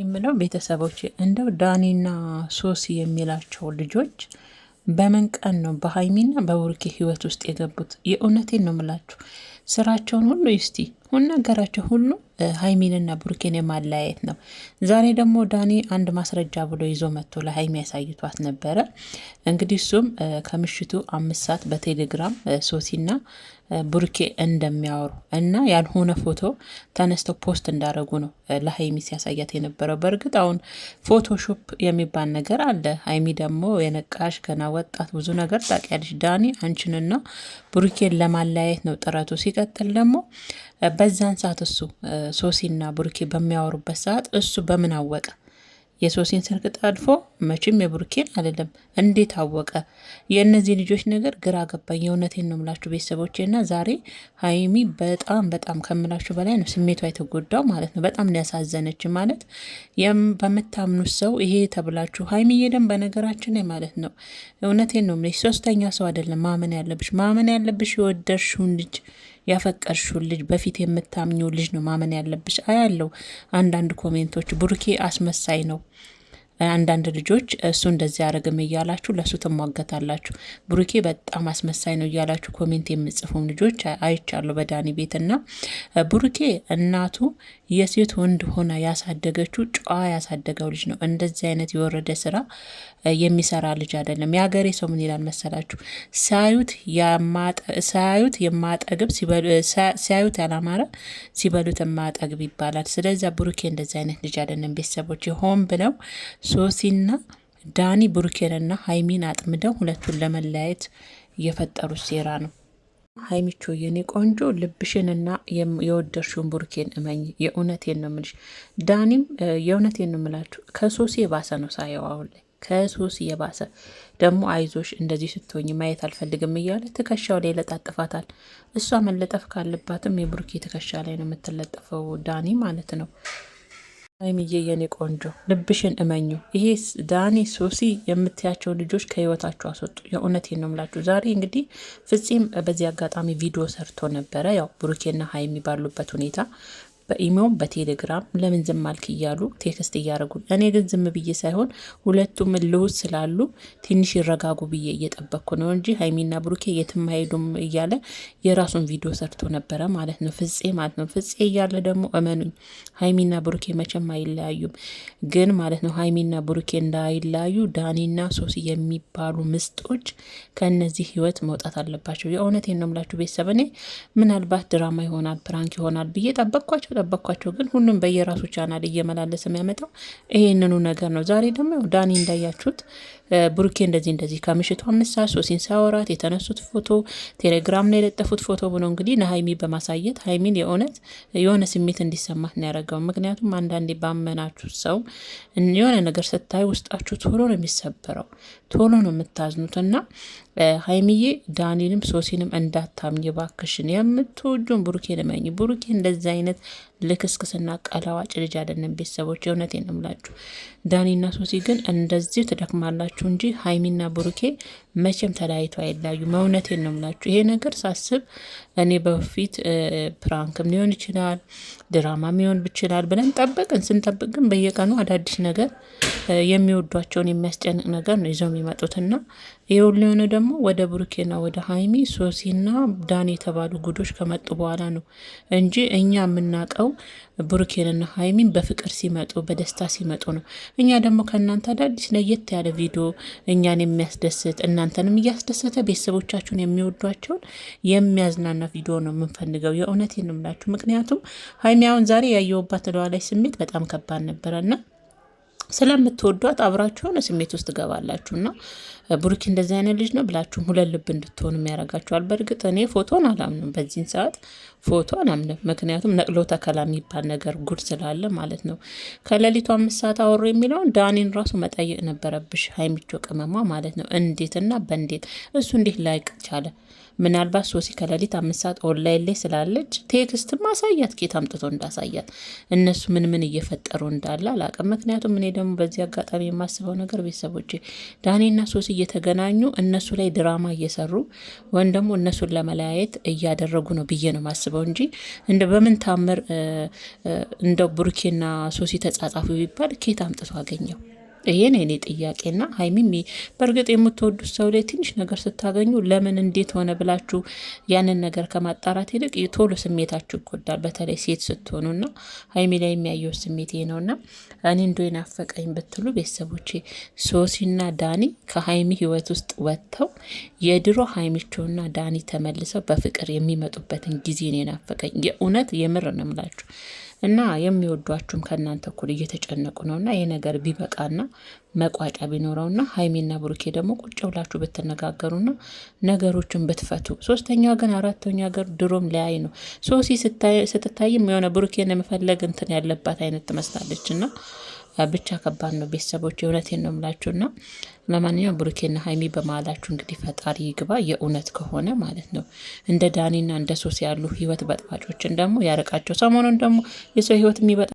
የምለው ቤተሰቦች እንደው ዳኒና ሶሲ የሚላቸው ልጆች በምን ቀን ነው በሀይሚና በቡርኬ ህይወት ውስጥ የገቡት? የእውነቴን ነው የምላችሁ። ስራቸውን ሁሉ ይስቲ ዋና ሁሉ ሀይሚንና ብሩኬን የማለያየት ነው። ዛሬ ደግሞ ዳኒ አንድ ማስረጃ ብሎ ይዞ መጥቶ ለሀይሚ ያሳይቷት ነበረ። እንግዲህ እሱም ከምሽቱ አምስት ሰዓት በቴሌግራም ሶሲና ብሩኬ እንደሚያወሩ እና ያልሆነ ፎቶ ተነስተው ፖስት እንዳደረጉ ነው ለሀይሚ ሲያሳያት የነበረው። በእርግጥ አሁን ፎቶሾፕ የሚባል ነገር አለ። ሀይሚ ደግሞ የነቃሽ ገና ወጣት ብዙ ነገር ታውቂያለሽ። ዳኒ አንቺንና ብሩኬን ለማለያየት ነው ጥረቱ። ሲቀጥል ደግሞ በዛን ሰዓት እሱ ሶሲና ብሩኬ በሚያወሩበት ሰዓት እሱ በምን አወቀ? የሶሲን ስልክ ጠልፎ መቼም የብሩኬን አይደለም። እንዴት አወቀ? የእነዚህ ልጆች ነገር ግራ ገባኝ። የእውነቴን ነው የምላችሁ ቤተሰቦቼ። እና ዛሬ ሀይሚ በጣም በጣም ከምላችሁ በላይ ነው ስሜቷ የተጎዳው ማለት ነው። በጣም ያሳዘነች ማለት በምታምኑት ሰው ይሄ ተብላችሁ ሀይሚ የደም በነገራችን ላይ ማለት ነው። እውነቴን ነው የምልሽ ሶስተኛ ሰው አይደለም ማመን ያለብሽ ማመን ያለብሽ የወደድሽውን ልጅ ያፈቀርሽው ልጅ በፊት የምታምኘው ልጅ ነው ማመን ያለብሽ። አያለው አንዳንድ ኮሜንቶች ቡርኬ አስመሳይ ነው። አንዳንድ ልጆች እሱ እንደዚህ አረግም እያላችሁ ለእሱ ትሟገታላችሁ። ብሩኬ በጣም አስመሳይ ነው እያላችሁ ኮሜንት የምጽፉም ልጆች አይቻለሁ በዳኒ ቤትና ብሩኬ እናቱ የሴት ወንድ ሆና ያሳደገችው ጨዋ ያሳደገው ልጅ ነው። እንደዚህ አይነት የወረደ ስራ የሚሰራ ልጅ አይደለም። የሀገሬ ሰው ምን ይላል መሰላችሁ? ሳዩት የማጠግብ ሲያዩት ያላማረ ሲበሉት የማጠግብ ይባላል። ስለዚያ ብሩኬ እንደዚህ አይነት ልጅ አይደለም። ቤተሰቦች ሆን ብለው ሶሲና ዳኒ ብሩኬንና ሀይሚን አጥምደው ሁለቱን ለመለያየት የፈጠሩት ሴራ ነው። ሀይሚቾ የኔ ቆንጆ ልብሽንና የወደድሽውን ቡርኬን እመኝ። የእውነቴን ነው የምልሽ። ዳኒም የእውነቴን ነው የምላችሁ፣ ከሶሲ የባሰ ነው ሳየው አሁን ላይ ከሶሲ የባሰ ደግሞ አይዞሽ እንደዚህ ስትሆኝ ማየት አልፈልግም እያለ ትከሻው ላይ ለጣጥፋታል። እሷ መለጠፍ ካለባትም የቡርኬ ትከሻ ላይ ነው የምትለጠፈው ዳኒ ማለት ነው። ሀይሚዬ የኔ ቆንጆ ልብሽን እመኙ። ይሄ ዳኒ ሶሲ የምትያቸው ልጆች ከህይወታቸው አስወጡ። የእውነት ነው ምላችሁ። ዛሬ እንግዲህ ፍጺም በዚህ አጋጣሚ ቪዲዮ ሰርቶ ነበረ፣ ያው ብሩኬና ሀይሚ ባሉበት ሁኔታ በኢሜውም በቴሌግራም ለምን ዝም አልክ እያሉ ቴክስት እያደረጉ፣ እኔ ግን ዝም ብዬ ሳይሆን ሁለቱም ልውስ ስላሉ ትንሽ ይረጋጉ ብዬ እየጠበቅኩ ነው እንጂ ሀይሚና ብሩኬ የትም አይሄዱም እያለ የራሱን ቪዲዮ ሰርቶ ነበረ ማለት ነው፣ ፍጼ ማለት ነው። ፍፄ እያለ ደግሞ እመኑኝ ሀይሚና ብሩኬ መቼም አይለያዩም። ግን ማለት ነው ሀይሚና ብሩኬ እንዳይለያዩ ዳኒና ሶሲ የሚባሉ ምስጦች ከእነዚህ ህይወት መውጣት አለባቸው። የእውነቴን ነው የምላችሁ ቤተሰብ እኔ ምናልባት ድራማ ይሆናል ፕራንክ ይሆናል ብዬ ጠበቅኳቸው። ስለጠበኳቸው ግን ሁሉም በየራሱ ቻናል እየመላለሰ የሚያመጣው ይሄንኑ ነገር ነው። ዛሬ ደግሞ ዳኒ እንዳያችሁት ብሩኬ እንደዚህ እንደዚህ ከምሽቱ አምስት ሰዓት ሶሲን ሳወራት የተነሱት ፎቶ ቴሌግራም ላይ የለጠፉት ፎቶ ብሎ እንግዲህ ለሀይሚ በማሳየት ሀይሚን የእውነት የሆነ ስሜት እንዲሰማት ነው ያደረገው። ምክንያቱም አንዳንዴ ባመናችሁ ሰው የሆነ ነገር ስታይ ውስጣችሁ ቶሎ ነው የሚሰበረው፣ ቶሎ ነው የምታዝኑት እና ሀይሚዬ ዳኒንም ሶሲንም እንዳታምኝ ባክሽን የምትወጁን ብሩኬን ልመኝ። ብሩኬ እንደዚህ አይነት ልክስክስና ቀላዋጭ ልጅ አይደለም። ቤተሰቦች የእውነት የንምላችሁ ዳኒና ሶሲ ግን እንደዚህ ትደክማላችሁ እንጂ ሀይሚና ብሩኬ መቼም ተለያይቶ አይለያዩም። እውነቴን የንምላችሁ ይሄ ነገር ሳስብ እኔ በፊት ፕራንክም ሊሆን ይችላል ድራማም ሊሆን ይችላል ብለን ጠበቅን። ስንጠብቅ ግን በየቀኑ አዳዲስ ነገር የሚወዷቸውን የሚያስጨንቅ ነገር ነው ይዘው የሚመጡትና ይህ ሁሉ የሆነ ደግሞ ወደ ብሩኬና ወደ ሀይሚ ሶሲና ዳን የተባሉ ጉዶች ከመጡ በኋላ ነው እንጂ እኛ የምናውቀው ብሩኬንና ሀይሚን በፍቅር ሲመጡ በደስታ ሲመጡ ነው። እኛ ደግሞ ከእናንተ አዳዲስ ለየት ያለ ቪዲዮ እኛን የሚያስደስት እናንተንም እያስደሰተ ቤተሰቦቻችሁን የሚወዷቸውን የሚያዝናና ቪዲዮ ነው የምንፈልገው። የእውነት ንምላችሁ ምክንያቱም ሀይሚ አሁን ዛሬ ያየውባት ለዋላይ ስሜት በጣም ከባድ ነበረና ስለምትወዷት አብራችሁ የሆነ ስሜት ውስጥ ገባላችሁ ትገባላችሁና ብሩክ እንደዚህ አይነት ልጅ ነው ብላችሁም ሁለት ልብ እንድትሆኑ ያደርጋችኋል። በእርግጥ እኔ ፎቶን አላምንም፣ በዚህን ሰዓት ፎቶ አላምንም። ምክንያቱም ነቅሎ ተከላ የሚባል ነገር ጉድ ስላለ ማለት ነው። ከሌሊቱ አምስት ሰዓት አወሩ የሚለውን ዳኒን ራሱ መጠየቅ ነበረብሽ ሀይሚቾ ቅመማ ማለት ነው። እንዴትና በእንዴት እሱ እንዴት ላይቅ ቻለ? ምናልባት ሶሲ ከሌሊት አምስት ሰዓት ኦንላይን ላይ ስላለች ቴክስት ማሳያት ኬት አምጥቶ እንዳሳያት እነሱ ምን ምን እየፈጠሩ እንዳለ አላቅም። ምክንያቱም እኔ ደግሞ በዚህ አጋጣሚ የማስበው ነገር ቤተሰቦች ዳኔና ሶሲ እየተገናኙ እነሱ ላይ ድራማ እየሰሩ ወይም ደግሞ እነሱን ለመለያየት እያደረጉ ነው ብዬ ነው የማስበው እንጂ እንደ በምን ታምር እንደ ብሩኬና ሶሲ ተጻጻፉ ቢባል ኬት አምጥቶ አገኘው? ይሄ ነው የኔ ጥያቄና ሀይሚም በእርግጥ የምትወዱት ሰው ላይ ትንሽ ነገር ስታገኙ ለምን እንዴት ሆነ ብላችሁ ያንን ነገር ከማጣራት ይልቅ ቶሎ ስሜታችሁ ይጎዳል። በተለይ ሴት ስትሆኑና ሀይሚ ላይ የሚያየው ስሜት ይሄ ና እኔ እንዶ ናፈቀኝ ብትሉ ቤተሰቦቼ ሶሲና ዳኒ ከሀይሚ ህይወት ውስጥ ወጥተው የድሮ ና ዳኒ ተመልሰው በፍቅር የሚመጡበትን ጊዜ ነው የናፈቀኝ። የእውነት የምር ነው እና የሚወዷችሁም ከእናንተ እኩል እየተጨነቁ ነው እና ይህ ነገር ቢበቃና መቋጫ ቢኖረው ና ሀይሜና ብሩኬ ደግሞ ቁጭ ብላችሁ ብትነጋገሩ ና ነገሮችን ብትፈቱ። ሶስተኛ ወገን አራተኛ ሀገር ድሮም ሊያይ ነው። ሶሲ ስትታይም የሆነ ብሩኬን መፈለግ እንትን ያለባት አይነት ትመስላለች እና ብቻ ከባድ ነው። ቤተሰቦች የእውነቴን ነው የምላችሁና ለማንኛውም ብሩኬና ሀይሚ በመሀላችሁ እንግዲህ ፈጣሪ ይግባ፣ የእውነት ከሆነ ማለት ነው። እንደ ዳኒና እንደ ሶስ ያሉ ህይወት በጥባጮችን ደግሞ ያርቃቸው። ሰሞኑን ደግሞ የሰው ህይወት የሚበጣ